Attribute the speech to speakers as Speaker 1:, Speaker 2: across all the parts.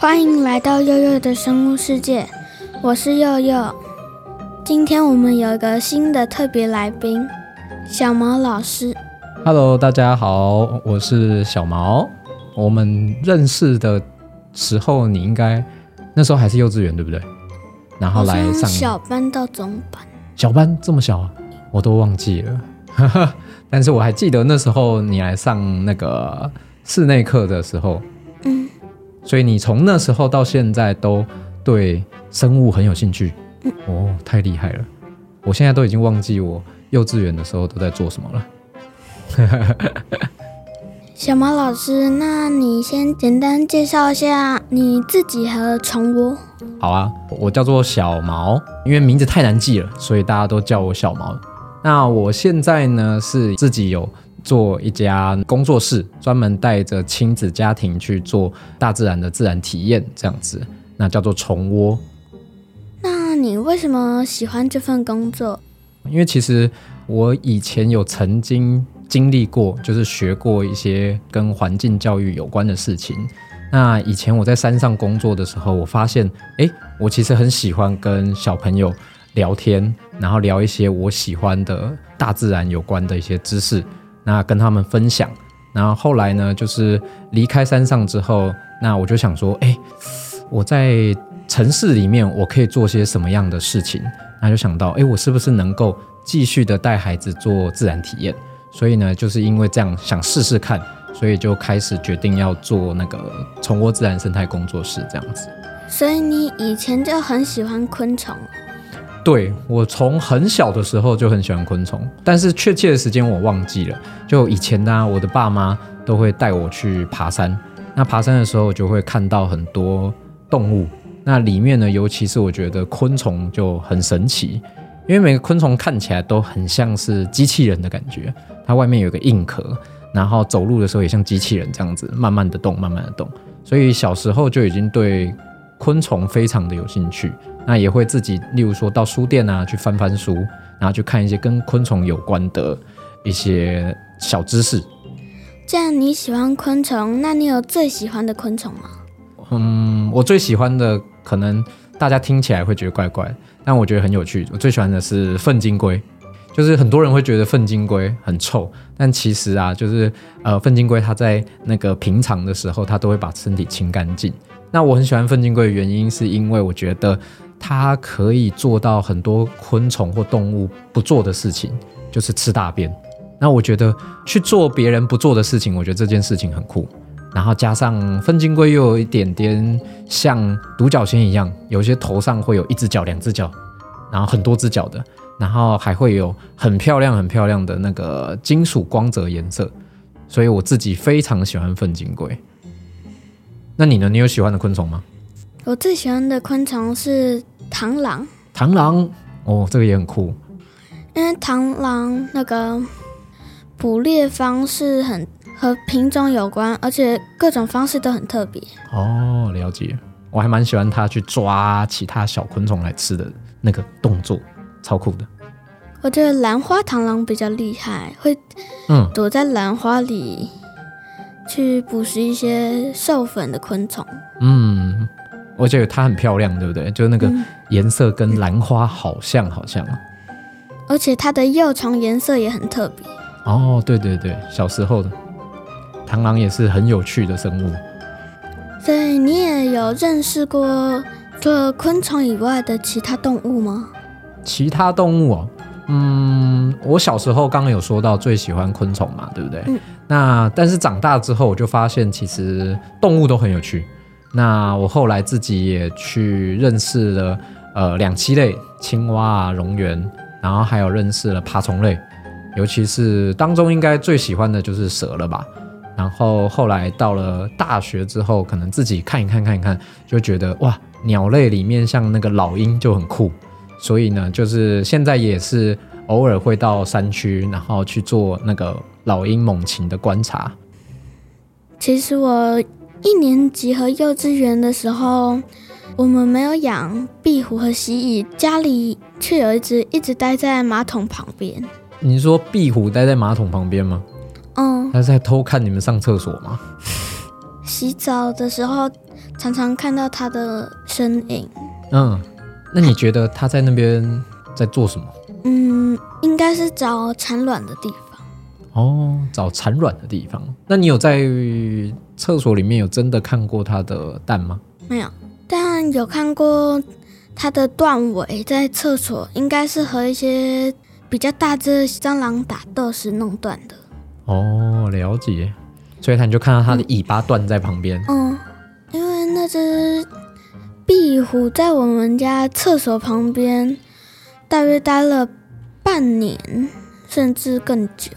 Speaker 1: 歡迎來到祐祐的生物世界，我是祐祐。今天我們有一個新的特別來賓，小毛老師。
Speaker 2: Hello，大家好，我是小毛。我們認識的時候，你應該那時候還是幼稚園，對不對？然後來上小
Speaker 1: 班到中班，
Speaker 2: 小班這麼小。啊，我都忘記了。 但是我還記得那時候你來上那個室內課的時候，
Speaker 1: 嗯，
Speaker 2: 所以你從那時候到現在都對生物很有興趣。嗯、哦，太厲害了！我現在都已經忘記我幼稚園的時候都在做什麼了。
Speaker 1: 小毛老師，那你先簡單介紹一下你自己和蟲窩。
Speaker 2: 好啊，我叫做小毛，因為名字太難記了，所以大家都叫我小毛。那我現在呢，是自己有做一家工作室，專門帶着親子家庭去做大自然的自然體驗，這樣子，那叫做蟲窩。
Speaker 1: 那你為什麼喜歡這份工作？
Speaker 2: 因為其實我以前有曾經。經歷過就是學過一些跟環境教育有關的事情。那以前我在山上工作的時候，我發現，誒，我其實很喜歡跟小朋友聊天，然後聊一些我喜歡的大自然有關的一些知識，那跟他們分享。然後後來呢，就是離開山上之後，那我就想說，誒，我在城市裡面，我可以做些什麼樣的事情？那就想到，誒，我是不是能夠繼續的帶孩子做自然體驗？所以呢，就是因為這樣，想試試看，所以就開始決定要做那個蟲窩自然生態工作室這樣子。
Speaker 1: 所以你以前就很喜歡昆蟲？
Speaker 2: 對我從很小的時候就很喜歡昆蟲，但是確切的時間我忘記了。就以前呢、啊，我的爸媽都會帶我去爬山，那爬山的時候就會看到很多動物，那裡面呢，尤其是我覺得昆蟲就很神奇，因為每個昆蟲看起來都很像是機器人的感覺。它外面有個硬殼，然後走路的時候也像機器人這樣子，慢慢的動，慢慢的動。所以小時候就已經對昆蟲非常的有興趣，那也會自己，例如說到書店啊，去翻翻書，然後去看一些跟昆蟲有關的一些小知識。
Speaker 1: 既然你喜歡昆蟲，那你有最喜歡的昆蟲嗎？嗯，
Speaker 2: 我最喜歡的可能大家聽起來會覺得怪怪，但我覺得很有趣。我最喜歡的是糞金龜。就是很多人會覺得糞金龜很臭，但其實啊，就是呃，糞金龜它在那個平常的時候，它都會把身體清乾淨。那我很喜歡糞金龜的原因，是因為我覺得它可以做到很多昆蟲或動物不做的事情，就是吃大便。那我覺得去做別人不做的事情，我覺得這件事情很酷。然後加上糞金龜又有一點點像獨角仙一樣，有些頭上會有一隻角，兩隻角。然後很多隻腳的，然後還會有很漂亮、很漂亮的那個金屬光澤顏色，所以我自己非常喜歡糞金龜。那你呢？你有喜歡的昆蟲嗎？
Speaker 1: 我最喜歡的昆蟲是螳螂。
Speaker 2: 螳螂哦，這個也很酷。
Speaker 1: 因為螳螂那個捕獵方式很和品種有關，而且各種方式都很特別。
Speaker 2: 哦，了解。我還蠻喜歡它去抓其他小昆蟲來吃的。那個動作超酷的，
Speaker 1: 我覺得蘭花螳螂比較厲害，會，嗯，躲在蘭花裡去捕食一些授粉的昆蟲。
Speaker 2: 嗯，我覺得它很漂亮，對不對？就那個顏色跟蘭花好像，好像、啊嗯。
Speaker 1: 而且它的幼蟲顏色也很特
Speaker 2: 別。哦，對對對，小時候的螳螂也是很有趣的生物。
Speaker 1: 所以你也有認識過除了昆蟲以外的其他動物嗎？
Speaker 2: 其他動物哦、啊，嗯，我小時候剛剛有說到最喜歡昆蟲嘛，對不對？嗯、那但是長大之後我就發現其實動物都很有趣。那我後來自己也去認識了呃兩棲類，青蛙啊、蠑螈，然後還有認識了爬蟲類，尤其是當中應該最喜歡的就是蛇了吧。然後後來到了大學之後，可能自己看一看看一看，就覺得哇，鳥類裡面像那個老鷹就很酷。所以呢，就是現在也是偶爾會到山區，然後去做那個老鷹猛禽的觀察。
Speaker 1: 其實我一年級和幼稚園的時候，我們沒有養壁虎和蜥蜴，家裡卻有一隻一直待在馬桶旁邊。
Speaker 2: 你是說壁虎待在馬桶旁邊嗎？他在偷看你們上廁所嗎？
Speaker 1: 洗澡的時候常常看到他的身影。
Speaker 2: 嗯，那你覺得他在那邊在做什麼？嗯，
Speaker 1: 應該是找產卵的地方。
Speaker 2: 哦，找產卵的地方。那你有在廁所裡面有真的看過他的蛋嗎？
Speaker 1: 沒有，但有看過他的斷尾在廁所，應該是和一些比較大隻的蟑螂打鬥時弄斷的。
Speaker 2: 哦，了解，所以他你就看到他的尾巴斷在旁邊，
Speaker 1: 嗯。嗯，因為那只壁虎在我們家廁所旁邊，大約待了半年，甚至更久。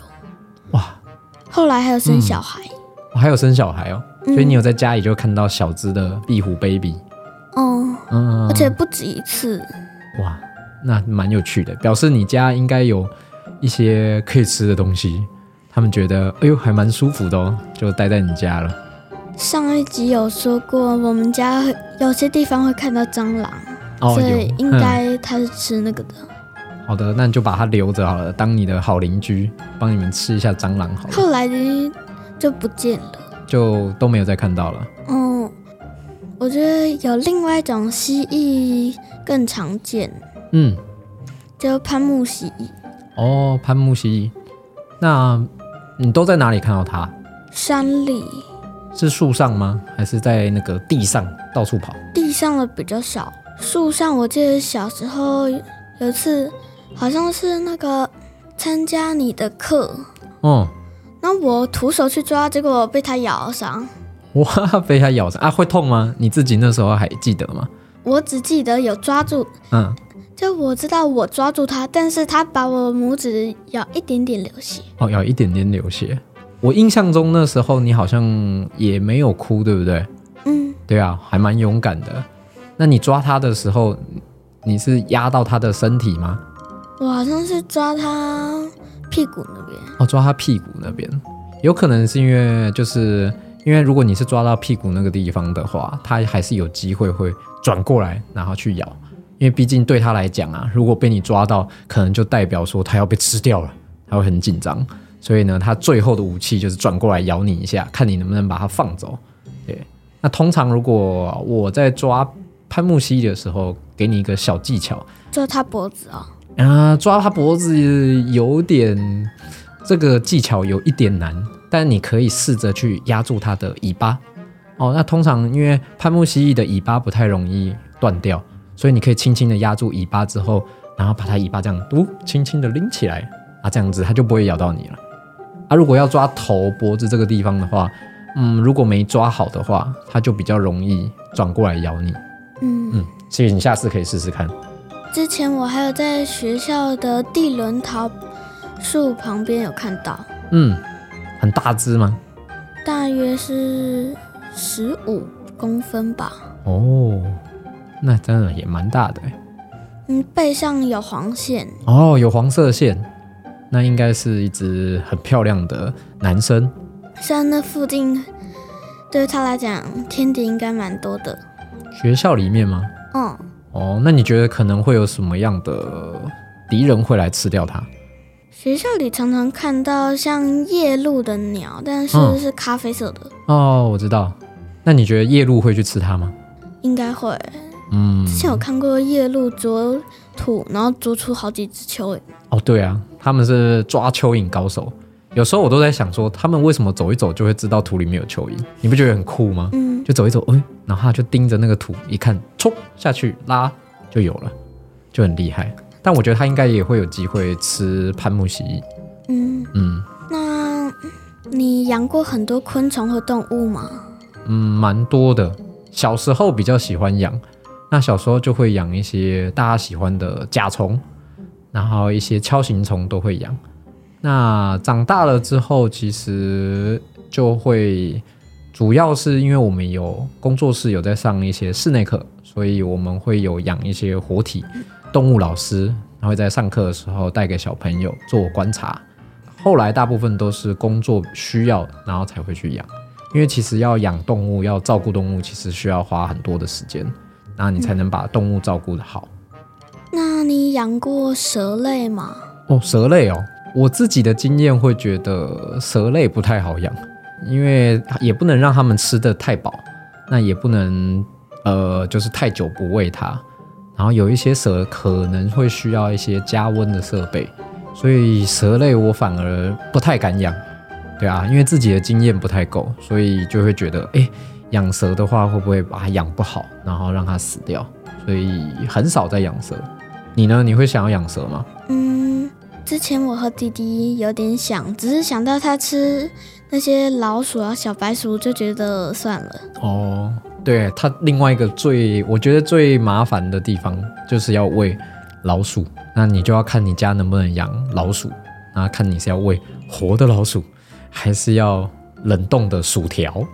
Speaker 1: 哇！後來還有生小孩？
Speaker 2: 嗯哦，還有生小孩哦，嗯，所以你有在家裡就看到小只的壁虎 baby。哦，嗯，而且
Speaker 1: 不止一次。
Speaker 2: 嗯，哇，那蠻有趣的，表示你家應該有一些可以吃的東西。他們覺得，哎呦，還蠻舒服的哦、喔，就待在你家了。
Speaker 1: 上一集有說過，我們家有些地方會看到蟑螂，哦、所以應該它是吃那個的、
Speaker 2: 哦。好的，那你就把它留着好了，當你的好鄰居，幫你們吃一下蟑螂
Speaker 1: 好了，好。後來就不見
Speaker 2: 了，就都沒有再看到了。
Speaker 1: 嗯，我覺得有另外一種蜥蜴更常見，
Speaker 2: 嗯，
Speaker 1: 叫攀木蜥蜴。
Speaker 2: 哦，攀木蜥蜴，那。你都在哪裡看到它？
Speaker 1: 山裡
Speaker 2: 是樹上嗎？還是在那個地上到處跑？
Speaker 1: 地上的比較少，樹上我記得小時候有一次，好像是那個參加你的課，嗯、哦，那我徒手去抓，結果被它咬了傷。
Speaker 2: 哇，被它咬傷啊？會痛嗎？你自己那時候還記得嗎？
Speaker 1: 我只記得有抓住，嗯。就我知道，我抓住它，但是它把我拇指咬一點點流血。
Speaker 2: 哦，咬一點點流血。我印象中那時候你好像也沒有哭，對不對？嗯。對啊，還蠻勇敢的。那你抓他的時候，你是壓到他的身體嗎？
Speaker 1: 我好像是抓他屁股那邊。
Speaker 2: 哦，抓他屁股那邊。有可能是因為就是，因為如果你是抓到屁股那個地方的話，他還是有機會會轉過來，然後去咬。因為畢竟對他來講啊，如果被你抓到，可能就代表說他要被吃掉了，他會很緊張。所以呢，他最後的武器就是轉過來咬你一下，看你能不能把它放走。對，那通常如果我在抓攀木蜥蜴的時候，給你一個小技巧，
Speaker 1: 抓他脖子啊、
Speaker 2: 哦、啊、呃，抓他脖子有點，這個技巧有一點難，但你可以試着去壓住它的尾巴。哦，那通常因為攀木蜥蜴的尾巴不太容易斷掉。所以你可以輕輕的壓住尾巴之後，然後把它尾巴這樣，嘟輕輕的拎起來啊，這樣子它就不會咬到你了。啊，如果要抓頭脖子這個地方的話，嗯，如果沒抓好的話，它就比較容易轉過來咬你。嗯嗯，所以你下次可以試試看。
Speaker 1: 之前我還有在學校的地輪桃樹旁邊有看到，
Speaker 2: 嗯，很大只嗎？
Speaker 1: 大約是十五公分吧。
Speaker 2: 哦。那真的也蠻大的，欸，
Speaker 1: 嗯，背上有黃線
Speaker 2: 哦，有黃色線，那應該是一隻很漂亮的男生。
Speaker 1: 雖然那附近對他來講天敵應該蠻多的，
Speaker 2: 學校裡面嗎？嗯，哦，那你覺得可能會有什麼樣的敵人會來吃掉它？
Speaker 1: 學校裡常常看到像夜鷺的鳥，但是是，是咖啡色的，
Speaker 2: 嗯。哦，我知道。那你覺得夜鷺會去吃它嗎？
Speaker 1: 應該會。嗯，之前有看過夜鷺啄土，然後啄出好幾隻蚯蚓。
Speaker 2: 哦，對啊，他們是抓蚯蚓高手。有時候我都在想說，說他們為什麼走一走就會知道土裡面有蚯蚓？你不覺得很酷嗎？嗯、就走一走，嗯、欸，然後他就盯着那個土一看，衝下去拉就有了，就很厲害。但我覺得他應該也會有機會吃攀木蜥蜴。嗯
Speaker 1: 嗯，嗯，那你養過很多昆蟲和動物嗎？嗯，
Speaker 2: 蠻多的。小時候比較喜歡養。那小時候就會養一些大家喜歡的甲蟲，然後一些鍬形蟲都會養。那長大了之後，其實就會主要是因為我們有工作室，有在上一些室內課，所以我們會有養一些活體動物老師，然後在上課的時候帶給小朋友做觀察。後來大部分都是工作需要，然後才會去養。因為其實要養動物，要照顧動物，其實需要花很多的時間。那你才能把動物照顧得好。
Speaker 1: 那你養過蛇類嗎？
Speaker 2: 哦，蛇類哦，我自己的經驗會覺得蛇類不太好養，因為也不能讓它們吃得太飽，那也不能呃，就是太久不餵它。然後有一些蛇可能會需要一些加溫的設備，所以蛇類我反而不太敢養。對啊，因為自己的經驗不太夠，所以就會覺得哎。誒養蛇的話，會不會把它養不好，然後讓它死掉？所以很少在養蛇。你呢？你會想要養蛇嗎？嗯，
Speaker 1: 之前我和弟弟有點想，只是想到它吃那些老鼠啊、小白鼠，就覺得算
Speaker 2: 了。哦，對，它另外一個最我覺得最麻煩的地方就是要餵老鼠，那你就要看你家能不能養老鼠，那看你是要餵活的老鼠，還是要冷凍的薯條。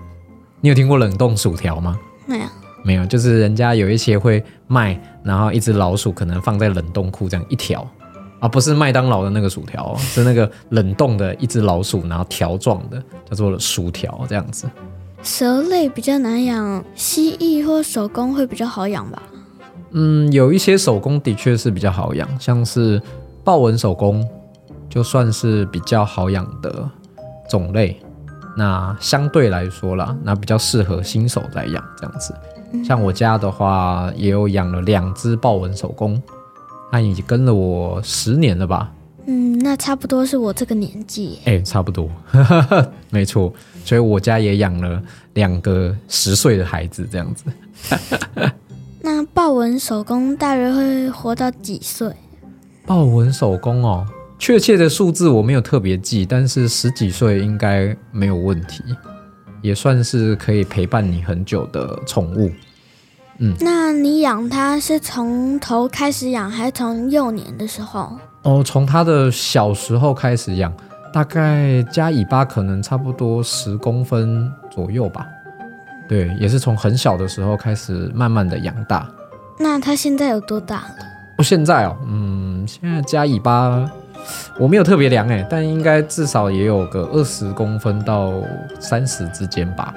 Speaker 2: 你有聽過冷凍薯條嗎？
Speaker 1: 沒有
Speaker 2: 呀，沒有，就是人家有一些會賣，然後一隻老鼠可能放在冷凍庫這樣一條，而、啊、不是麥當勞的那個薯條， 是那個冷凍的一隻老鼠，然後條狀的，叫做薯條這樣子。
Speaker 1: 蛇類比較難養，蜥蜴或守宮會比較好養吧？
Speaker 2: 嗯，有一些守宮的確是比較好養，像是豹紋守宮，就算是比較好養的種類。那相對來說啦，那比較適合新手來養這樣子。像我家的話，也有養了兩只豹紋守宮。那已經跟了我十年了吧？
Speaker 1: 嗯，那差不多是我這個年紀。
Speaker 2: 哎、欸，差不多， 沒錯。所以我家也養了兩個十歲的孩子這樣子。
Speaker 1: 那豹紋守宮大約會活到幾歲？
Speaker 2: 豹紋守宮哦。確切的數字我沒有特別記，但是十幾歲應該沒有問題，也算是可以陪伴你很久的寵物。嗯，
Speaker 1: 那你養它是從頭開始養，還是從幼年的時候？
Speaker 2: 哦，從它的小時候開始養，大概加尾巴可能差不多十公分左右吧。對，也是從很小的時候開始慢慢的養大。
Speaker 1: 那它現在有多大
Speaker 2: 了？哦，現在哦，嗯，現在加尾巴。我沒有特別量誒、欸，但應該至少也有個二十公分到三十之間吧，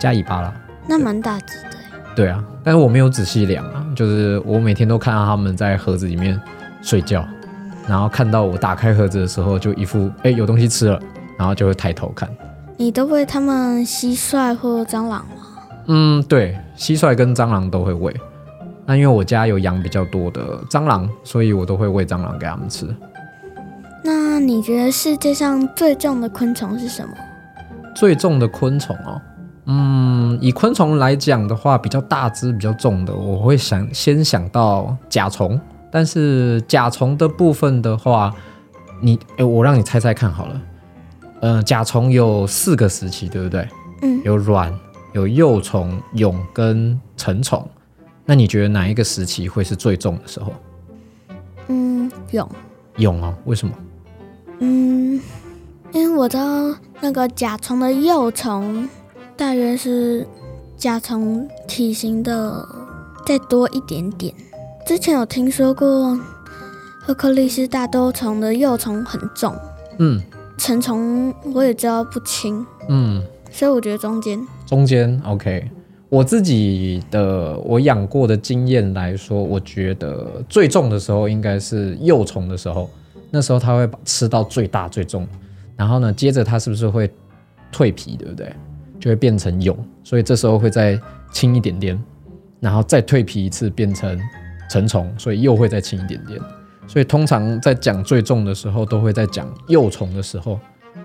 Speaker 2: 加尾巴啦，
Speaker 1: 那蠻大隻的、
Speaker 2: 欸。對啊，但是我沒有仔細量啊，就是我每天都看到他們在盒子裡面睡覺，嗯、然後看到我打開盒子的時候，就一副誒、欸，有東西吃了，然後就會抬頭看。
Speaker 1: 你都餵他們蟋蟀或蟑螂嗎？
Speaker 2: 嗯，對，蟋蟀跟蟑螂都會餵。那因為我家有養比較多的蟑螂，所以我都會餵蟑螂給他們吃。
Speaker 1: 那你覺得世界上最重的昆蟲是什麼？
Speaker 2: 最重的昆蟲哦，嗯，以昆蟲來講的話，比較大只，比較重的，我會想先想到甲蟲。但是甲蟲的部分的話，你，誒，我讓你猜猜看好了。嗯、呃，甲蟲有四個時期，對不對？嗯。有卵，有幼蟲、蛹跟成蟲。那你覺得哪一個時期會是最重的時候？
Speaker 1: 嗯，蛹。
Speaker 2: 蛹哦，為什麼？
Speaker 1: 嗯，因為我知道那個甲蟲的幼蟲大約是甲蟲體型的再多一點點。之前有聽說過赫克利斯大兜蟲的幼蟲很重，嗯，成蟲我也知道不輕，嗯，所以我覺得中間
Speaker 2: 中間 OK。我自己的我養過的經驗來說，我覺得最重的時候應該是幼蟲的時候。那時候它會吃到最大最重，然後呢，接着它是不是會蛻皮，對不對？就會變成蛹，所以這時候會再輕一點點，然後再蛻皮一次變成成蟲，所以又會再輕一點點。所以通常在講最重的時候，都會在講幼蟲的時候。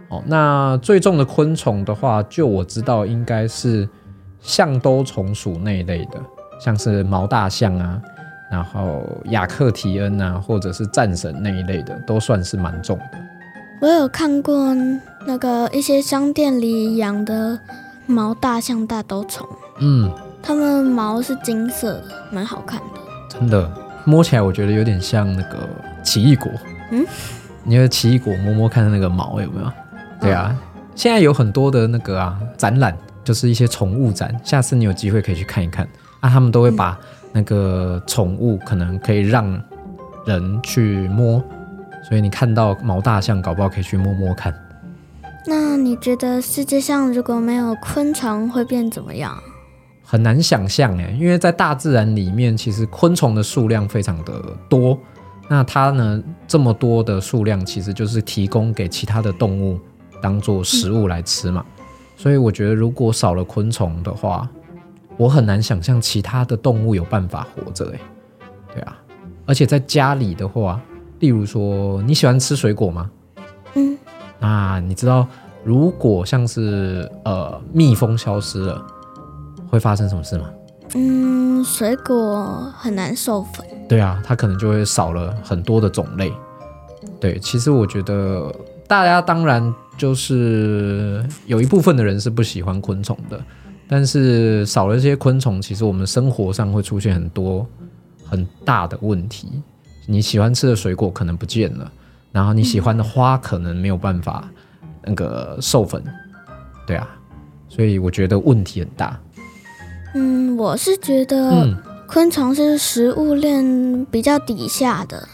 Speaker 2: 哦，那最重的昆蟲的話，就我知道應該是象兜蟲屬那一類的，像是毛大象啊。然後雅克提恩啊，或者是戰神那一類的，都算是蠻重的。
Speaker 1: 我有看過那個一些商店裡養的毛大象大兜蟲，嗯，它們毛是金色的，蠻好看的。
Speaker 2: 真的，摸起來我覺得有點像那個奇異果。嗯，你有奇異果摸摸看，那個毛有沒有？嗯、對啊，現在有很多的那個啊展覽，就是一些寵物展，下次你有機會可以去看一看。那、啊、他們都會把那個寵物可能可以讓人去摸，嗯、所以你看到毛大象，搞不好可以去摸摸看。
Speaker 1: 那你覺得世界上如果沒有昆蟲會變怎麼樣？
Speaker 2: 很難想象誒。因為在大自然裡面，其實昆蟲的數量非常的多。那它呢這麼多的數量，其實就是提供給其他的動物當做食物來吃嘛。嗯、所以我覺得如果少了昆蟲的話。我很難想象其他的動物有辦法活着哎。對啊，而且在家裡的話，例如說你喜歡吃水果嗎？嗯，那你知道如果像是呃蜜蜂消失了會發生什麼事嗎？嗯，
Speaker 1: 水果很難授粉。
Speaker 2: 對啊，它可能就會少了很多的種類。對，其實我覺得大家當然就是有一部分的人是不喜歡昆蟲的。但是少了這些昆蟲，其實我們生活上會出現很多很大的問題。你喜歡吃的水果可能不見了，然後你喜歡的花可能沒有辦法那個授粉，對啊，所以我覺得問題很大。嗯，
Speaker 1: 我是覺得昆蟲是食物鏈比較底下的，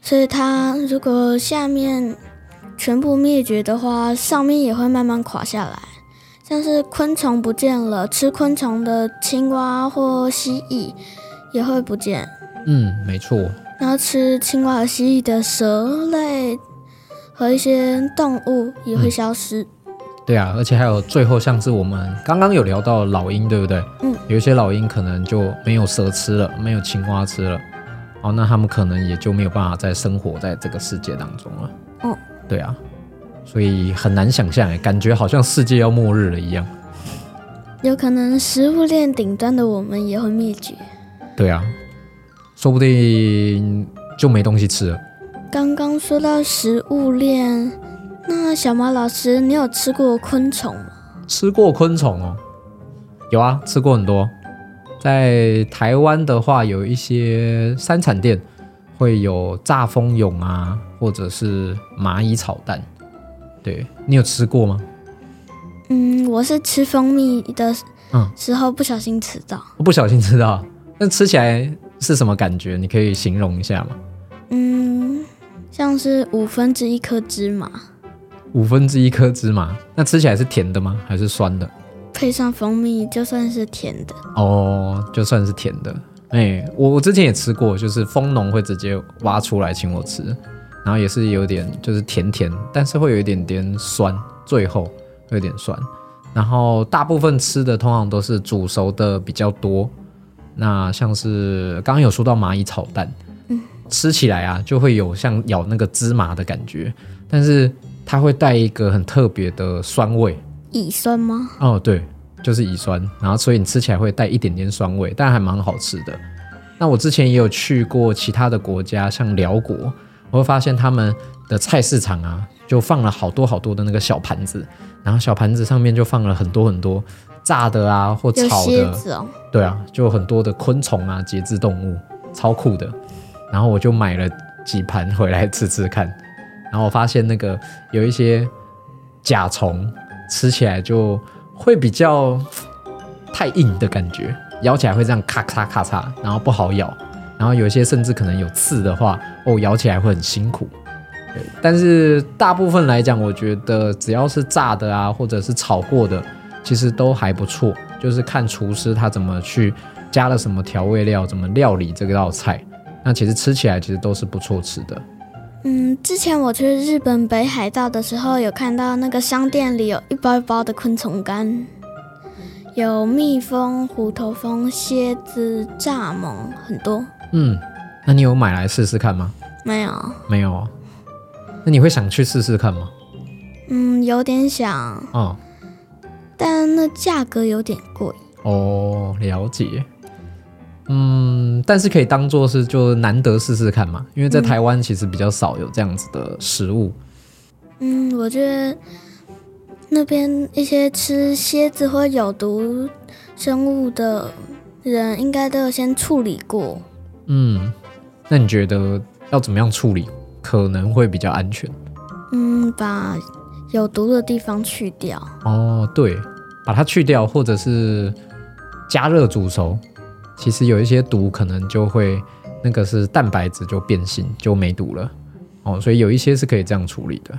Speaker 1: 所以它如果下面全部滅絕的話，上面也會慢慢垮下來。像是昆蟲不見了，吃昆蟲的青蛙或蜥蜴也會不見。
Speaker 2: 嗯，沒錯。
Speaker 1: 然後吃青蛙和蜥蜴的蛇類和一些動物也會消失。嗯、
Speaker 2: 對啊，而且還有最後，像是我們剛剛有聊到老鷹，對不對？嗯，有一些老鷹可能就沒有蛇吃了，沒有青蛙吃了，哦，那他們可能也就沒有辦法再生活在這個世界當中了。哦、嗯，對啊。所以很難想象，欸，感覺好像世界要末日了一樣。
Speaker 1: 有可能食物鏈頂端的我們也會滅絕。
Speaker 2: 對啊，說不定就沒東西吃了。
Speaker 1: 剛剛說到食物鏈，那小毛老師，你有吃過昆蟲嗎？
Speaker 2: 吃過昆蟲哦，有啊，吃過很多。在台灣的話，有一些山產店會有炸蜂蛹啊，或者是螞蟻炒蛋。對，你有吃過嗎？
Speaker 1: 嗯，我是吃蜂蜜的時候不小心吃到、
Speaker 2: 嗯，不小心吃到。那吃起來是什麼感覺？你可以形容一下嗎？
Speaker 1: 嗯，像是五分之一顆芝麻，
Speaker 2: 五分之一顆芝麻。那吃起來是甜的嗎？還是酸的？
Speaker 1: 配上蜂蜜，就算是甜的。
Speaker 2: 哦，oh, 就算是甜的。哎、欸，我我之前也吃過，就是蜂農會直接挖出來請我吃。然後也是有點，就是甜甜，但是會有一點點酸，最後會有點酸。然後大部分吃的通常都是煮熟的比較多。那像是剛剛有說到螞蟻炒蛋，嗯，吃起來啊就會有像咬那個芝麻的感覺，但是它會帶一個很特別的酸味。
Speaker 1: 乙酸嗎？
Speaker 2: 哦，對，就是乙酸。然後所以你吃起來會帶一點點酸味，但還蠻好吃的。那我之前也有去過其他的國家，像寮國。我會發現他們的菜市場啊，就放了好多好多的那個小盤子，然後小盤子上面就放了很多很多炸的啊或炒的，蠍子哦，對啊，就很多的昆蟲啊節肢動物，超酷的。然後我就買了幾盤回來吃吃看，然後我發現那個有一些甲蟲，吃起來就會比較太硬的感覺，咬起來會這樣咔嚓咔嚓，然後不好咬。然後有些甚至可能有刺的話，哦，咬起來會很辛苦。對，但是大部分來講，我覺得只要是炸的啊，或者是炒過的，其實都還不錯。就是看廚師他怎麼去加了什麼調味料，怎麼料理這個道菜，那其實吃起來其實都是不錯吃的。
Speaker 1: 嗯，之前我去日本北海道的時候，有看到那個商店裡有一包一包的昆蟲乾，有蜜蜂、虎頭蜂、蠍子、蚱蜢，很多。
Speaker 2: 嗯，那你有買來試試看嗎？沒有，沒有啊。那你會想去試試看嗎？嗯，
Speaker 1: 有點想。哦，但那價格有點貴。
Speaker 2: 哦，了解。嗯，但是可以當做是就難得試試看嘛，因為在台灣其實比較少有這樣子的食物。
Speaker 1: 嗯，嗯，我覺得那邊一些吃蠍子或有毒生物的人，應該都有先處理過。
Speaker 2: 嗯，那你覺得要怎麼樣處理可能會比較安全？
Speaker 1: 嗯，把有毒的地方去掉。
Speaker 2: 哦，對，把它去掉，或者是加熱煮熟。其實有一些毒可能就會那個是蛋白質，就變性就沒毒了。哦，所以有一些是可以這樣處理的。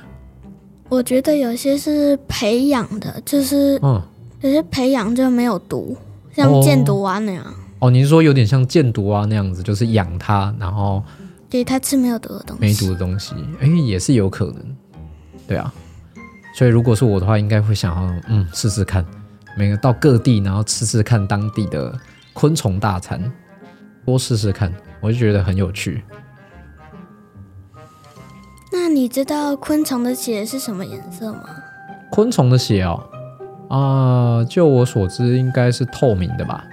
Speaker 1: 我覺得有些是培養的，就是有些、哦、培養就沒有毒，
Speaker 2: 像箭毒蛙、啊、那樣。哦哦，你是說有點像箭毒蛙那樣子，就是養它，然後
Speaker 1: 給它吃沒有毒的東西，沒毒
Speaker 2: 的東西，哎，也是有可能，對啊。所以如果是我的話，應該會想要嗯試試看，每個到各地，然後試試看當地的昆蟲大餐，多試試看，我就覺得很有趣。
Speaker 1: 那你知道昆蟲的血是什麼顏色嗎？
Speaker 2: 昆蟲的血哦，啊、呃，就我所知，應該是透明的吧。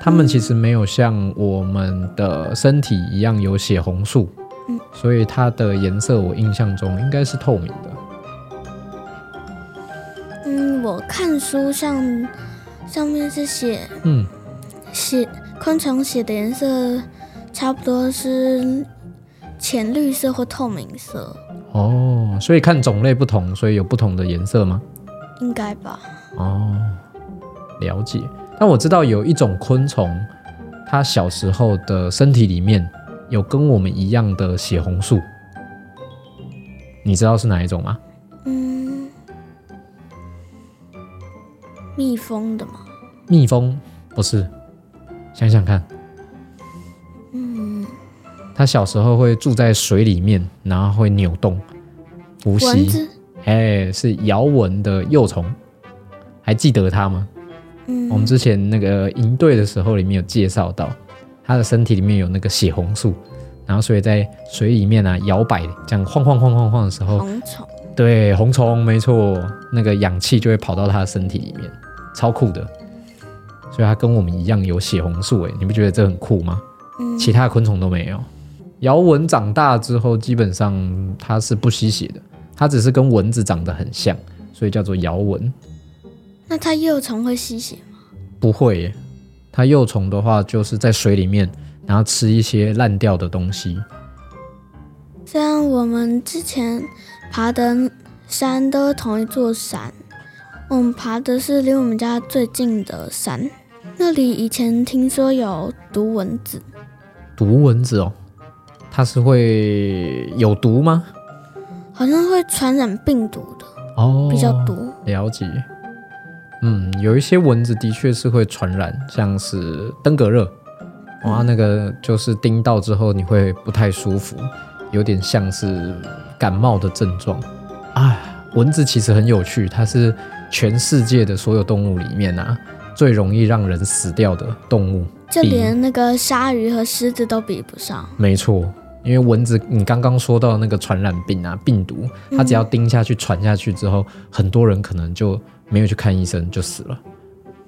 Speaker 2: 它們其實沒有像我們的身體一樣有血紅素，嗯，所以它的顏色我印象中應該是透明的。
Speaker 1: 嗯，我看書上上面是寫，嗯，寫昆蟲寫的顏色差不多是淺綠色或透明色。
Speaker 2: 哦，所以看種類不同，所以有不同的顏色嗎？
Speaker 1: 應該吧。
Speaker 2: 哦，了解。但我知道有一種昆蟲，它小時候的身體裡面有跟我們一樣的血紅素，你知道是哪一種嗎？嗯，
Speaker 1: 蜜蜂的嗎？
Speaker 2: 蜜蜂不是，想想看，嗯，它小時候會住在水裡面，然後會扭動、呼吸，哎子，是搖蚊的幼蟲，還記得它嗎？我們之前那個營隊的時候，裡面有介紹到，它的身體裡面有那個血紅素，然後所以在水裡面啊搖擺，這樣晃晃晃晃晃的時候，紅蟲，對，紅蟲，沒錯，那個氧氣就會跑到它的身體裡面，超酷的。所以它跟我們一樣有血紅素、欸，誒，你不覺得這很酷嗎？嗯、其他的昆蟲都沒有。搖蚊長大之後，基本上它是不吸血的，它只是跟蚊子長得很像，所以叫做搖蚊。
Speaker 1: 那它幼蟲會吸血嗎？
Speaker 2: 不會耶，它幼蟲的話就是在水裡面，然後吃一些爛掉的東西。
Speaker 1: 雖然我們之前爬的山都是同一座山，我們爬的是離我們家最近的山，那裡以前聽說有毒蚊子。
Speaker 2: 毒蚊子哦，它是會有毒嗎？
Speaker 1: 好像會傳染病毒的
Speaker 2: 哦，比較毒。了解。嗯，有一些蚊子的確是會傳染，像是登革熱。哇，那個就是叮到之後，你會不太舒服，有點像是感冒的症狀啊。蚊子其實很有趣，它是全世界的所有動物裡面啊，最容易讓人死掉的動物，
Speaker 1: 就連那個鯊魚和獅子都比不上。
Speaker 2: 沒錯。因為蚊子，你剛剛說到那個傳染病啊，病毒，它只要叮下去、傳下去之後，嗯、很多人可能就沒有去看醫生，就死了。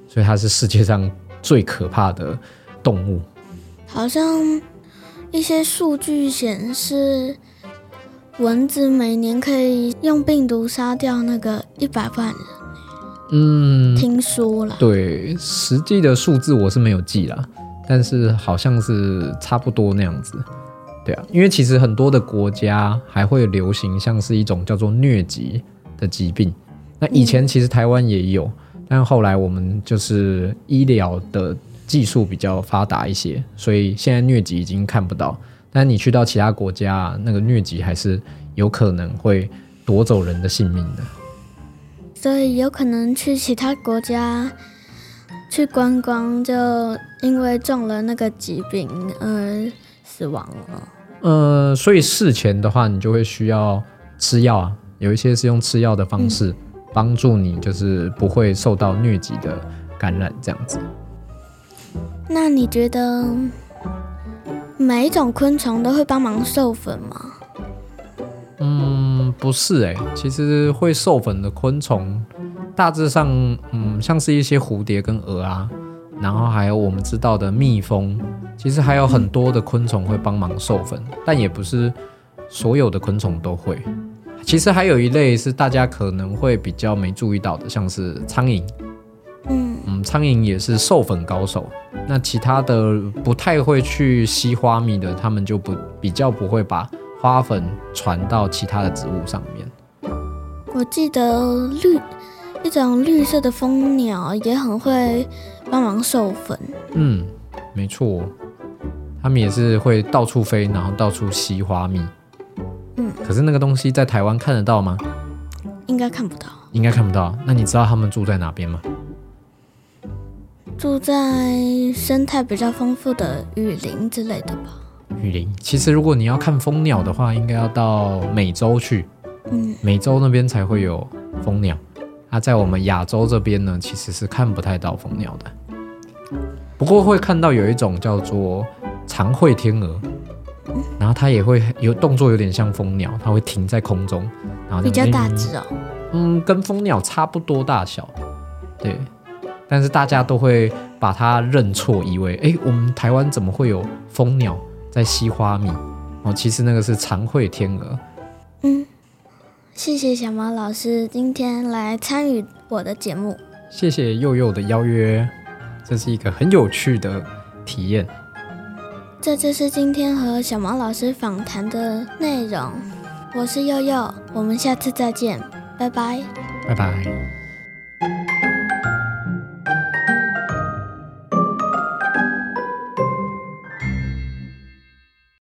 Speaker 2: 所以它是世界上最可怕的動物。
Speaker 1: 好像一些數據顯示，蚊子每年可以用病毒殺掉那個一百萬人。嗯，聽說了。
Speaker 2: 對，實際的數字我是沒有記啦，但是好像是差不多那樣子。對啊，因為其實很多的國家還會流行像是一種叫做瘧疾的疾病。那以前其實台灣也有，嗯、但後來我們就是醫療的技術比較發達一些，所以現在瘧疾已經看不到。但你去到其他國家，啊，那個瘧疾還是有可能會奪走人的性命的。
Speaker 1: 所以有可能去其他國家去觀光，就因為中了那個疾病而死亡了。
Speaker 2: 呃，所以事前的話，你就會需要吃藥啊。有一些是用吃藥的方式幫助你，就是不會受到瘧疾的感染這樣子。
Speaker 1: 那你覺得每一種昆蟲都會幫忙授粉嗎？嗯，
Speaker 2: 不是哎、欸，其實會授粉的昆蟲大致上，嗯，像是一些蝴蝶跟蛾啊。然後還有我們知道的蜜蜂，其實還有很多的昆蟲會幫忙授粉，嗯、但也不是所有的昆蟲都會。其實還有一類是大家可能會比較沒注意到的，像是蒼蠅。嗯嗯，蒼蠅也是授粉高手。那其他的不太會去吸花蜜的，他們就不比較不會把花粉傳到其他的植物上面。
Speaker 1: 我記得綠一種綠色的蜂鳥也很會，幫忙授粉。
Speaker 2: 嗯，沒錯，他們也是會到處飛，然後到處吸花蜜。嗯，
Speaker 1: 可是
Speaker 2: 那個東西在台灣看得到嗎？
Speaker 1: 應該看不到。
Speaker 2: 應該看不到。那你知道他們住在哪邊嗎？
Speaker 1: 住在生態比較豐富的雨林之類的吧。
Speaker 2: 雨林，其實如果你要看蜂鳥的話，應該要到美洲去。嗯，美洲那邊才會有蜂鳥。它在我們亞洲這邊呢，其實是看不太到蜂鳥的，不過會看到有一種叫做長喙天蛾，嗯、然後它也會有動作，有點像蜂鳥，它會停在空中，然後比較大隻哦，嗯，嗯，跟蜂鳥差不多大小，對，但是大家都會把它認錯，以為哎，我們台灣怎麼會有蜂鳥在吸花蜜？哦，其實那個是長喙天蛾，
Speaker 1: 嗯。謝謝小毛老師今天來參與我的節目。
Speaker 2: 謝謝祐祐的邀約，這是一個很有趣的體驗。
Speaker 1: 這就是今天和小毛老師訪談的內容。我是祐祐，我們下次再見，拜拜。
Speaker 2: 拜拜。